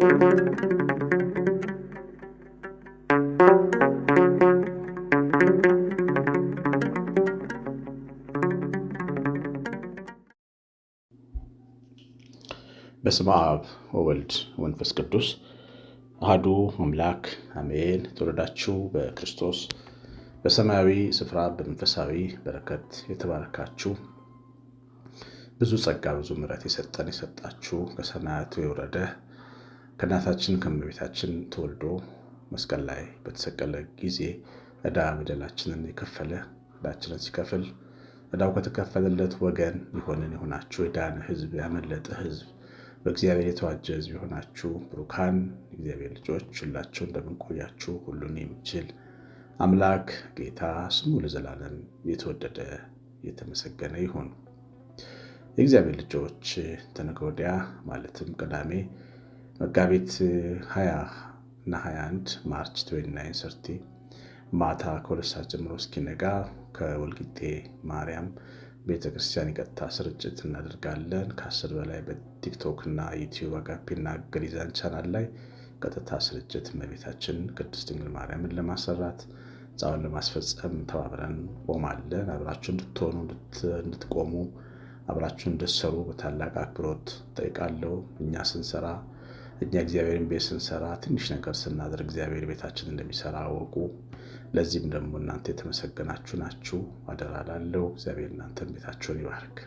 በስመ አብ ወወልድ ወመንፈስ ቅዱስ አህዱ አምላክ አሜን። ተወለዳችሁ በክርስቶስ በሰማያዊ ስፍራ በመንፈሳዊ በረከት የተባረካችሁ ብዙ ጸጋ ብዙ ምሕረት የሰጠን የሰጣችሁ ከሰማያቱ የወረደ ከእናታችን ከመቤታችን ተወልዶ መስቀል ላይ በተሰቀለ ጊዜ ዕዳ በደላችንን የከፈለ ዕዳችንን ሲከፍል ዕዳው ከተከፈለለት ወገን የሆንን የሆናችሁ የዳነ ሕዝብ ያመለጠ ሕዝብ በእግዚአብሔር የተዋጀ ሕዝብ የሆናችሁ ብሩካን እግዚአብሔር ልጆች ሁላችሁ እንደምንቆያችሁ ሁሉን የሚችል አምላክ ጌታ ስሙ ለዘላለም የተወደደ የተመሰገነ ይሁን። የእግዚአብሔር ልጆች ተነገ ወዲያ ማለትም ቅዳሜ መጋቢት 20 እና 21 ማርች 29 ሰርቲ ማታ ከሁለት ሰዓት ጀምሮ እስኪነጋ ከወልቂጤ ማርያም ቤተክርስቲያን የቀጥታ ስርጭት እናደርጋለን። ከአስር በላይ በቲክቶክ እና ዩቲዩብ እና ግሪዛን ቻናል ላይ ቀጥታ ስርጭት እመቤታችን ቅድስት ድንግል ማርያምን ለማሰራት ጻውን ለማስፈጸም ተባብረን ቆማለን። አብራችሁ እንድትሆኑ እንድትቆሙ፣ አብራችሁ እንድትሰሩ በታላቅ አክብሮት ጠይቃለሁ። እኛ ስንሰራ እኛ እግዚአብሔርን ቤት ስንሰራ ትንሽ ነገር ስናደርግ እግዚአብሔር ቤታችን እንደሚሰራ አወቁ። ለዚህም ደግሞ እናንተ የተመሰገናችሁ ናችሁ። አደራ ላለው እግዚአብሔር እናንተን ቤታችሁን ይባርክ።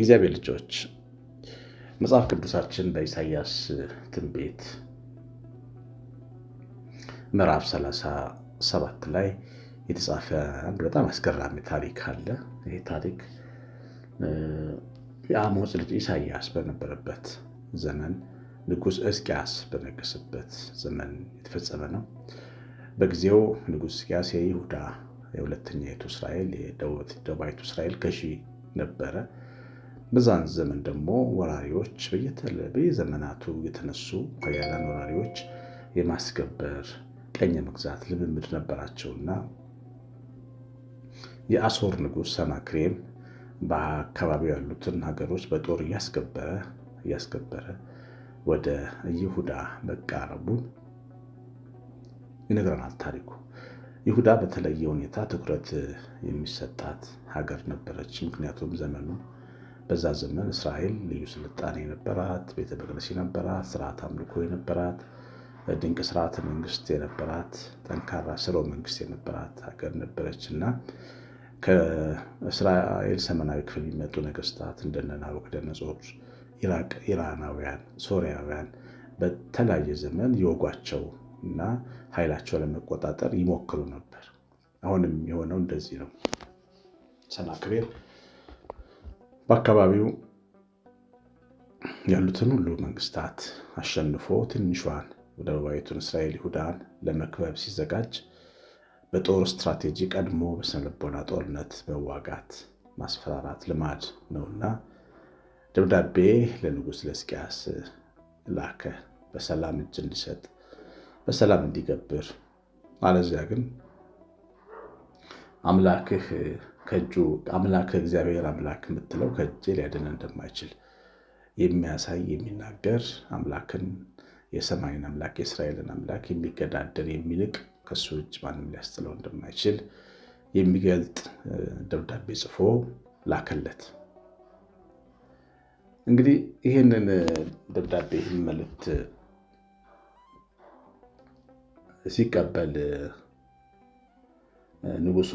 እግዚአብሔር ልጆች መጽሐፍ ቅዱሳችን በኢሳያስ ትንቢት ምዕራፍ 37 ላይ የተጻፈ አንድ በጣም አስገራሚ ታሪክ አለ። ይህ ታሪክ የአሞጽ ልጅ ኢሳያስ በነበረበት ዘመን ንጉሥ እስኪያስ በነገሰበት ዘመን የተፈጸመ ነው። በጊዜው ንጉሥ እስኪያስ የይሁዳ የሁለተኛይቱ እስራኤል የደቡባዊቱ እስራኤል ገዢ ነበረ። በዛን ዘመን ደግሞ ወራሪዎች በየዘመናቱ የተነሱ ኃያላን ወራሪዎች የማስገበር ቀኝ መግዛት ልምምድ ነበራቸውና የአሶር ንጉሥ ሰናክሬም በአካባቢው ያሉትን ሀገሮች በጦር እያስገበረ እያስከበረ ወደ ይሁዳ መቃረቡን ይነግረናል ታሪኩ። ይሁዳ በተለየ ሁኔታ ትኩረት የሚሰጣት ሀገር ነበረች። ምክንያቱም ዘመኑ በዛ ዘመን እስራኤል ልዩ ስልጣኔ የነበራት፣ ቤተ መቅደስ የነበራት፣ ስርዓት አምልኮ የነበራት፣ ድንቅ ስርዓት መንግስት የነበራት፣ ጠንካራ ስርወ መንግስት የነበራት ሀገር ነበረች እና ከእስራኤል ሰሜናዊ ክፍል የሚመጡ ነገስታት እንደነ ናቡከደነፆር ኢራናውያን፣ ሶሪያውያን በተለያየ ዘመን ይወጓቸው እና ኃይላቸው ለመቆጣጠር ይሞክሩ ነበር። አሁንም የሆነው እንደዚህ ነው። ሰናክሬም በአካባቢው ያሉትን ሁሉ መንግስታት አሸንፎ ትንሿን ደቡባዊቱን እስራኤል ይሁዳን ለመክበብ ሲዘጋጅ በጦር ስትራቴጂ ቀድሞ በስነልቦና ጦርነት መዋጋት ማስፈራራት ልማድ ነውና ደብዳቤ ለንጉሥ ለስቅያስ ላከ፣ በሰላም እጅ እንዲሰጥ በሰላም እንዲገብር፣ አለዚያ ግን አምላክህ ከእጁ አምላክ እግዚአብሔር አምላክ የምትለው ከእጄ ሊያድን እንደማይችል የሚያሳይ የሚናገር አምላክን የሰማይን አምላክ የእስራኤልን አምላክ የሚገዳደር የሚልቅ ከሱ እጅ ማንም ሊያስጥለው እንደማይችል የሚገልጥ ደብዳቤ ጽፎ ላከለት። እንግዲህ ይህንን ደብዳቤ ይህን መልእክት ሲቀበል ንጉሱ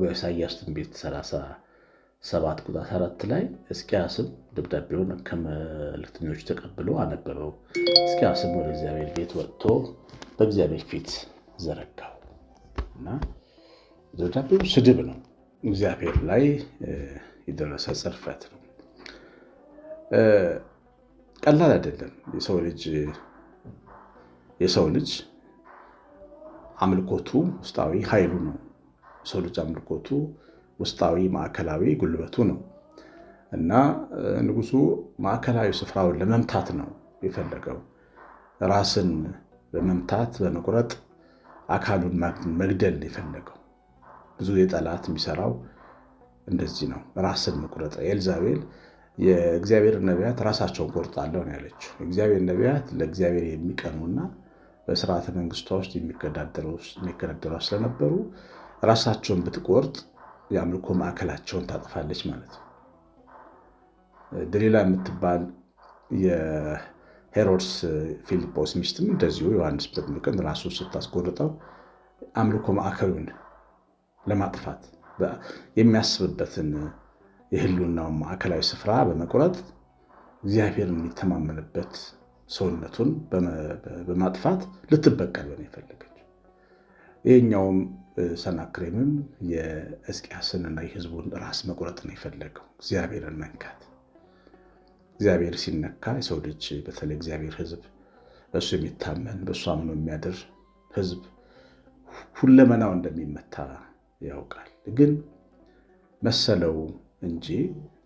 በኢሳያስ ትንቢት 37 ቁጥር 4 ላይ እስቂያስም ደብዳቤውን ከመልክተኞች ተቀብሎ አነበበው። እስቂያስም ወደ እግዚአብሔር ቤት ወጥቶ በእግዚአብሔር ፊት ዘረጋው እና ደብዳቤው ስድብ ነው። እግዚአብሔር ላይ የደረሰ ጽርፈት ነው። ቀላል አይደለም። የሰው ልጅ የሰው ልጅ አምልኮቱ ውስጣዊ ኃይሉ ነው። የሰው ልጅ አምልኮቱ ውስጣዊ ማዕከላዊ ጉልበቱ ነው እና ንጉሱ ማዕከላዊ ስፍራውን ለመምታት ነው የፈለገው። ራስን በመምታት በመቁረጥ አካሉን መግደል የፈለገው ብዙ የጠላት የሚሰራው እንደዚህ ነው፣ ራስን መቁረጥ። ኤልዛቤል የእግዚአብሔር ነቢያት ራሳቸውን ቆርጣለሁ ነው ያለችው። የእግዚአብሔር ነቢያት ለእግዚአብሔር የሚቀኑና በስርዓተ መንግስቷ ውስጥ የሚገዳደሩ ስለነበሩ ራሳቸውን ብትቆርጥ የአምልኮ ማዕከላቸውን ታጥፋለች ማለት ነው። ደሊላ የምትባል የሄሮድስ ፊልጶስ ሚስትም እንደዚሁ ዮሐንስ በጥምቀት ራሱ ስታስቆርጠው አምልኮ ማዕከሉን ለማጥፋት የሚያስብበትን የህልውናውን ማዕከላዊ ስፍራ በመቁረጥ እግዚአብሔር የሚተማመንበት ሰውነቱን በማጥፋት ልትበቀል ነው የፈለገች። ይህኛውም ሰናክሬምም የእስቅያስንና የህዝቡን ራስ መቁረጥ ነው የፈለገው፣ እግዚአብሔርን መንካት። እግዚአብሔር ሲነካ የሰው ልጅ በተለይ እግዚአብሔር ህዝብ፣ በእሱ የሚታመን በእሱ አምኖ የሚያድር ህዝብ ሁለመናው እንደሚመታ ያውቃል። ግን መሰለው እንጂ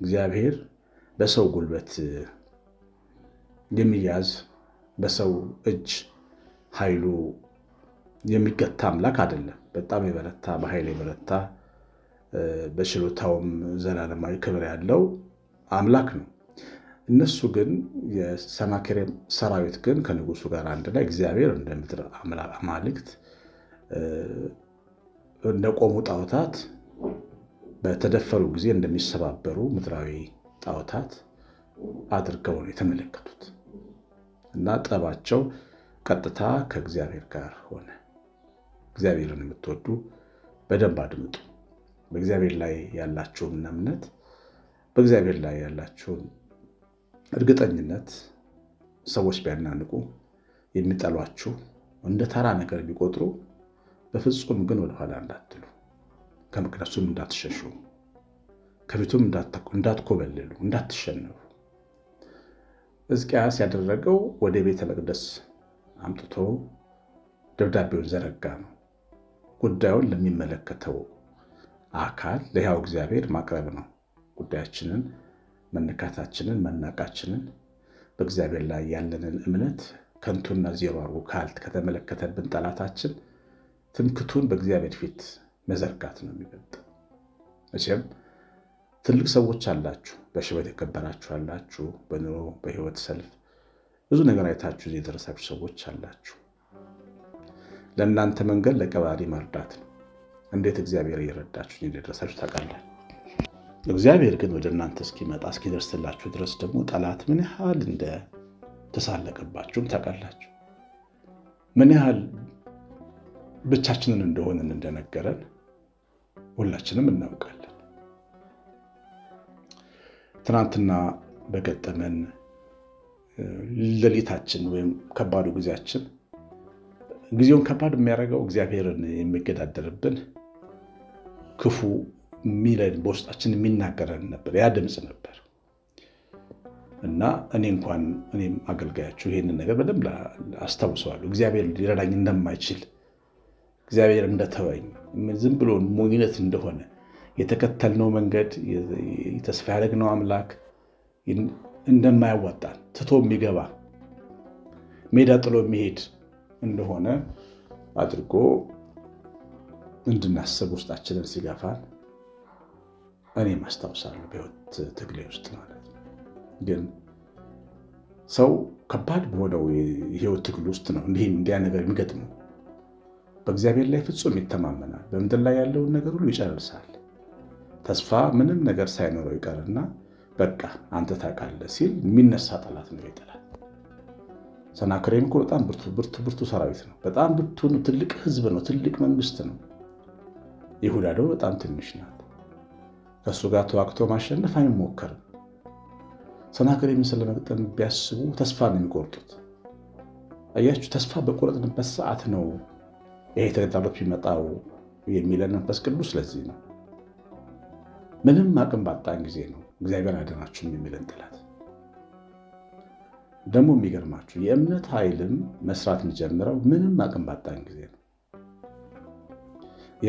እግዚአብሔር በሰው ጉልበት የሚያዝ በሰው እጅ ኃይሉ የሚገታ አምላክ አይደለም። በጣም የበረታ በኃይል የበረታ በችሎታውም ዘላለማዊ ክብር ያለው አምላክ ነው። እነሱ ግን የሰናክሬም ሰራዊት ግን ከንጉሱ ጋር አንድ ላይ እግዚአብሔር እንደ ምድር አማልክት እንደቆሙ ጣዖታት በተደፈሩ ጊዜ እንደሚሰባበሩ ምድራዊ ጣዖታት አድርገው ነው የተመለከቱት እና ጠባቸው ቀጥታ ከእግዚአብሔር ጋር ሆነ። እግዚአብሔርን የምትወዱ በደንብ አድምጡ። በእግዚአብሔር ላይ ያላችሁን እምነት፣ በእግዚአብሔር ላይ ያላችሁን እርግጠኝነት ሰዎች ቢያናንቁ የሚጠሏችሁ እንደ ተራ ነገር ቢቆጥሩ በፍጹም ግን ወደኋላ እንዳትሉ ከመቅደሱም እንዳትሸሹ፣ ከፊቱም እንዳትኮበልሉ፣ እንዳትሸነፉ። ሕዝቅያስ ያደረገው ወደ ቤተ መቅደስ አምጥቶ ደብዳቤውን ዘረጋ ነው። ጉዳዩን ለሚመለከተው አካል ለሕያው እግዚአብሔር ማቅረብ ነው። ጉዳያችንን፣ መነካታችንን፣ መናቃችንን በእግዚአብሔር ላይ ያለንን እምነት ከንቱና ዜሮ አድርጎ ካልት ከተመለከተብን ጠላታችን ትምክቱን በእግዚአብሔር ፊት መዘርጋት ነው የሚበልጠው። መቼም ትልቅ ሰዎች አላችሁ፣ በሽበት የከበራችሁ አላችሁ፣ በኑሮ በህይወት ሰልፍ ብዙ ነገር አይታችሁ የደረሳችሁ ሰዎች አላችሁ። ለእናንተ መንገድ ለቀባሪ መርዳት ነው። እንዴት እግዚአብሔር እየረዳችሁ እንደደረሳችሁ ታውቃለህ። እግዚአብሔር ግን ወደ እናንተ እስኪመጣ እስኪደርስላችሁ ድረስ ደግሞ ጠላት ምን ያህል እንደተሳለቀባችሁም ታውቃላችሁ። ምን ያህል ብቻችንን እንደሆንን እንደነገረን ሁላችንም እናውቃለን። ትናንትና በገጠመን ሌሊታችን ወይም ከባዱ ጊዜያችን ጊዜውን ከባድ የሚያደርገው እግዚአብሔርን የሚገዳደርብን ክፉ የሚለን በውስጣችን የሚናገረን ነበር። ያ ድምፅ ነበር እና እኔ እንኳን እኔም አገልጋያችሁ ይህንን ነገር በደንብ አስታውሰዋለሁ። እግዚአብሔር ሊረዳኝ እንደማይችል እግዚአብሔር እንደተወኝ ዝም ብሎ ሞኝነት እንደሆነ የተከተልነው መንገድ ተስፋ ያደግነው አምላክ እንደማያዋጣን ትቶ የሚገባ ሜዳ ጥሎ የሚሄድ እንደሆነ አድርጎ እንድናስብ ውስጣችንን ሲገፋን እኔም አስታውሳለሁ በሕይወት ትግሌ ውስጥ ማለት ግን ሰው ከባድ በሆነው የህይወት ትግል ውስጥ ነው እንዲህ እንዲያ ነገር የሚገጥመው። በእግዚአብሔር ላይ ፍጹም ይተማመናል፣ በምድር ላይ ያለውን ነገር ሁሉ ይጨርሳል። ተስፋ ምንም ነገር ሳይኖረው ይቀርና በቃ አንተ ታውቃለህ ሲል የሚነሳ ጠላት ነው ይጠላል። ሰናክሬም እኮ በጣም ብርቱ ብርቱ ብርቱ ሰራዊት ነው። በጣም ብርቱ ነው። ትልቅ ህዝብ ነው። ትልቅ መንግስት ነው። ይሁዳ ደግሞ በጣም ትንሽ ናት። ከእሱ ጋር ተዋግቶ ማሸነፍ አይሞከርም። ሰናክሬምን ስለመግጠም ቢያስቡ ተስፋ ነው የሚቆርጡት። አያችሁ፣ ተስፋ በቆረጥንበት ሰዓት ነው ይሄ ተግዳሮት ቢመጣው የሚለን መንፈስ ቅዱስ ስለዚህ ነው። ምንም አቅም ባጣን ጊዜ ነው እግዚአብሔር አደራችሁም የሚለን ጠላት። ደግሞ የሚገርማችሁ የእምነት ኃይልም መስራት የሚጀምረው ምንም አቅም ባጣን ጊዜ ነው።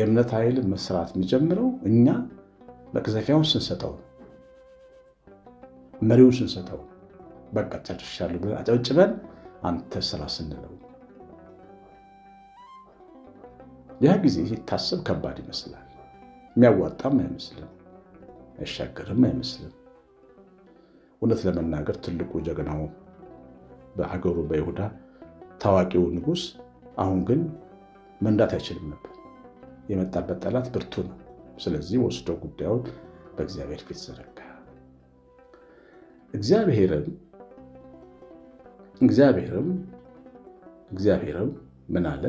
የእምነት ኃይል መስራት የሚጀምረው እኛ መቅዘፊያውን ስንሰጠው፣ መሪውን ስንሰጠው፣ በቃ ጨርሻለሁ ብለን አጨብጭበን አንተ ስራ ስንለው ያ ጊዜ ሲታሰብ ከባድ ይመስላል። የሚያዋጣም አይመስልም፣ አይሻገርም አይመስልም። እውነት ለመናገር ትልቁ ጀግናው በአገሩ በይሁዳ ታዋቂው ንጉስ አሁን ግን መንዳት አይችልም ነበር። የመጣበት ጠላት ብርቱ ነው። ስለዚህ ወስዶ ጉዳዩን በእግዚአብሔር ፊት ዘረጋ። እግዚአብሔርም እግዚአብሔርም እግዚአብሔርም ምን አለ?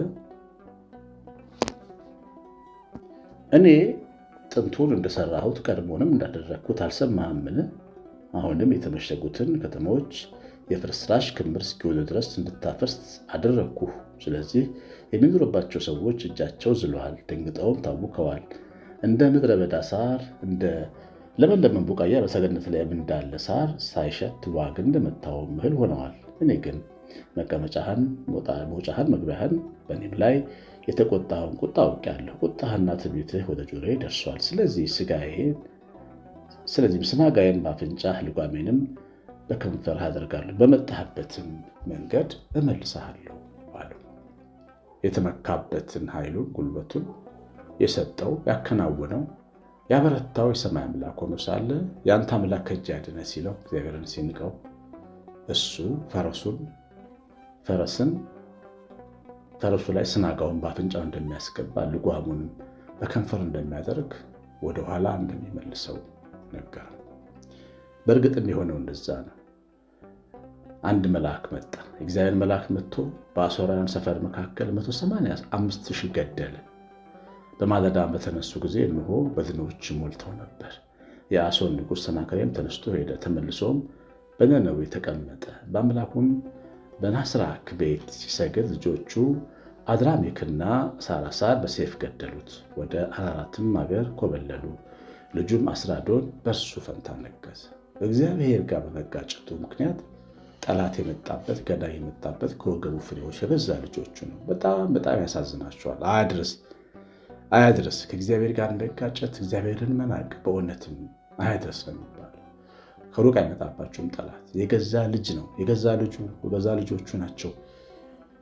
እኔ ጥንቱን እንደሰራሁት ቀድሞንም እንዳደረግኩት አልሰማህምን? አሁንም የተመሸጉትን ከተሞች የፍርስራሽ ክምር እስኪሆኑ ድረስ እንድታፈርስ አደረግኩ። ስለዚህ የሚኖርባቸው ሰዎች እጃቸው ዝለዋል፣ ደንግጠውም ታውከዋል። እንደ ምድረ በዳ ሳር፣ እንደ ለመለመን ቡቃያ በሰገነት ላይ እንዳለ ሳር ሳይሸት ዋግ እንደመታወም እህል ሆነዋል። እኔ ግን መቀመጫህን፣ መውጫህን፣ መግቢያህን በእኔም ላይ የተቆጣውን ቁጣ አውቄአለሁ። ቁጣህና ትዕቢትህ ወደ ጆሮዬ ደርሷል። ስለዚህ ሥጋዬን ስለዚህም ስናጋዬን በአፍንጫህ ልጓሜንም በከንፈርህ አደርጋለሁ፣ በመጣህበትም መንገድ እመልስሃለሁ አሉ። የተመካበትን ኃይሉን ጉልበቱን የሰጠው ያከናወነው ያበረታው የሰማይ አምላክ ሆኖ ሳለ የአንተ አምላክ ከእጅ ያድነ ሲለው እግዚአብሔርን ሲንቀው እሱ ፈረሱን ፈረስን ተረሱ ላይ ስናጋውን በአፍንጫው እንደሚያስገባ ልጓሙንም በከንፈር እንደሚያደርግ ወደኋላ እንደሚመልሰው ነገር። በእርግጥም የሆነው እንደዛ ነው። አንድ መልአክ መጣ። እግዚአብሔር መልአክ መጥቶ በአሶራውያን ሰፈር መካከል 185 ሺህ ገደለ። በማለዳም በተነሱ ጊዜ እንሆ በድኖች ሞልተው ነበር። የአሶር ንጉሥ ሰናክሬም ተነስቶ ሄደ። ተመልሶም በነነዌ ተቀመጠ። በአምላኩም በናስራክ ቤት ሲሰግድ ልጆቹ አድራሜክና ሳራሳር በሴፍ ገደሉት። ወደ አራራትም አገር ኮበለሉ። ልጁም አስራዶን በእርሱ ፈንታ ነገሰ። እግዚአብሔር ጋር በመጋጨቱ ምክንያት ጠላት የመጣበት ገዳይ የመጣበት ከወገቡ ፍሬዎች የበዛ ልጆቹ ነው። በጣም በጣም ያሳዝናቸዋል። አያድርስ አያድርስ፣ ከእግዚአብሔር ጋር መጋጨት፣ እግዚአብሔርን መናቅ በእውነትም አያድርስ ነው። ከሩቅ አይመጣባቸውም ጠላት። የገዛ ልጅ ነው፣ የገዛ ልጁ የገዛ ልጆቹ ናቸው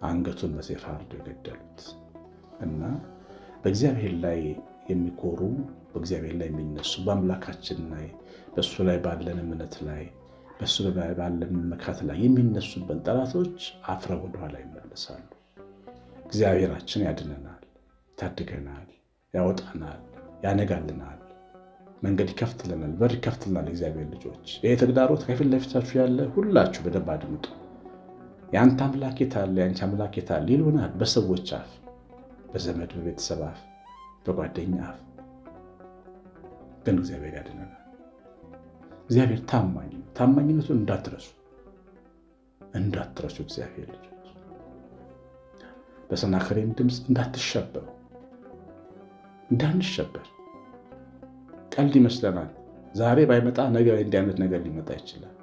አንገቱን በሰይፍ አርደው የገደሉት። እና በእግዚአብሔር ላይ የሚኮሩ በእግዚአብሔር ላይ የሚነሱ በአምላካችን ላይ በእሱ ላይ ባለን እምነት ላይ በእሱ ባለን መካት ላይ የሚነሱበን ጠላቶች አፍረው ወደኋላ ይመለሳሉ። እግዚአብሔራችን ያድነናል፣ ይታድገናል፣ ያወጣናል፣ ያነጋልናል። መንገድ ይከፍትልናል፣ በር ይከፍትልናል። እግዚአብሔር ልጆች ይህ ተግዳሮት ከፊት ለፊታችሁ ያለ ሁላችሁ በደንብ አድምጡ። የአንተ አምላክ የታለ? የአንቺ አምላክ የታለ? አለ? በሰዎች አፍ፣ በዘመድ በቤተሰብ አፍ፣ በጓደኛ አፍ። ግን እግዚአብሔር ያድነናል። እግዚአብሔር ታማኝ ነው። ታማኝነቱን እንዳትረሱ እንዳትረሱ እግዚአብሔር ልጆች በሰናክሬም ድምፅ እንዳትሸበሩ እንዳንሸበር ቀልድ ይመስለናል። ዛሬ ባይመጣ ነገ እንዲህ አይነት ነገር ሊመጣ ይችላል።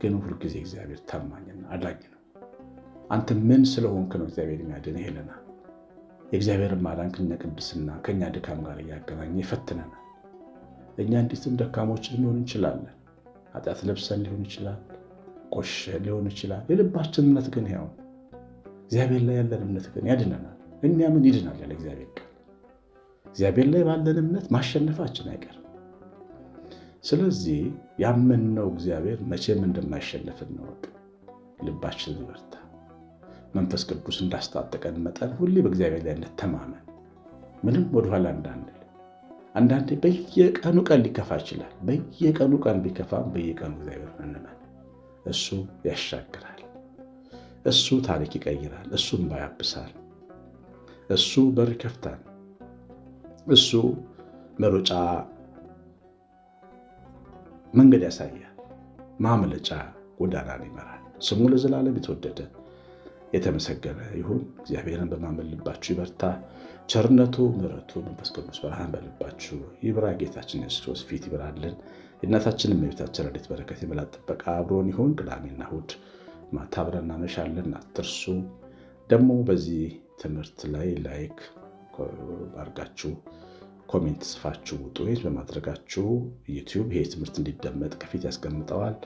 ግን ሁልጊዜ እግዚአብሔር ታማኝና አዳኝ ነው። አንተ ምን ስለሆንክ ነው እግዚአብሔር የሚያድን ይሄንና የእግዚአብሔር ማዳን ከኛ ቅድስና ከኛ ድካም ጋር እያገናኘ ይፈትነናል። እኛ እንዲትም ደካሞች ልንሆን እንችላለን። ኃጢአት ለብሰን ሊሆን ይችላል፣ ቆሸን ሊሆን ይችላል። የልባችን እምነት ግን ያው እግዚአብሔር ላይ ያለን እምነት ግን ያድነናል። እኛ ምን ይድናል ያለ እግዚአብሔር እግዚአብሔር ላይ ባለን እምነት ማሸነፋችን አይቀርም። ስለዚህ ያመንነው እግዚአብሔር መቼም እንደማይሸነፍ እንወቅ። ልባችን ይበርታ። መንፈስ ቅዱስ እንዳስታጠቀን መጠን ሁሌ በእግዚአብሔር ላይ እንተማመን። ምንም ወደኋላ እንዳንል። አንዳንዴ በየቀኑ ቀን ሊከፋ ይችላል። በየቀኑ ቀን ቢከፋም በየቀኑ እግዚአብሔር እንመን። እሱ ያሻግራል። እሱ ታሪክ ይቀይራል። እሱ እንባ ያብሳል። እሱ በር ይከፍታል። እሱ መሮጫ መንገድ ያሳያል፣ ማምለጫ ጎዳናን ይመራል። ስሙ ለዘላለም የተወደደ የተመሰገነ ይሁን። እግዚአብሔርን በማመን ልባችሁ ይበርታ። ቸርነቱ ምሕረቱ፣ መንፈስ ቅዱስ ብርሃን በልባችሁ ይብራ። ጌታችን ኢየሱስ ክርስቶስ ፊት ይብራልን። የእናታችን የቤታችን ረድኤት በረከት የመላት ጥበቃ አብሮን ይሁን። ቅዳሜና እሑድ ማታ አብረን እናመሻለን። አትርሱ። ደግሞ በዚህ ትምህርት ላይ ላይክ አድርጋችሁ ኮሜንት ጽፋችሁ ውጡ። ሄት በማድረጋችሁ ዩቲዩብ ይሄ ትምህርት እንዲደመጥ ከፊት ያስቀምጠዋል።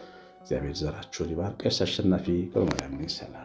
እግዚአብሔር ዘራችሁ ሊባር ቀሲስ አሸናፊ ገብረማርያም ነኝ። ሰላም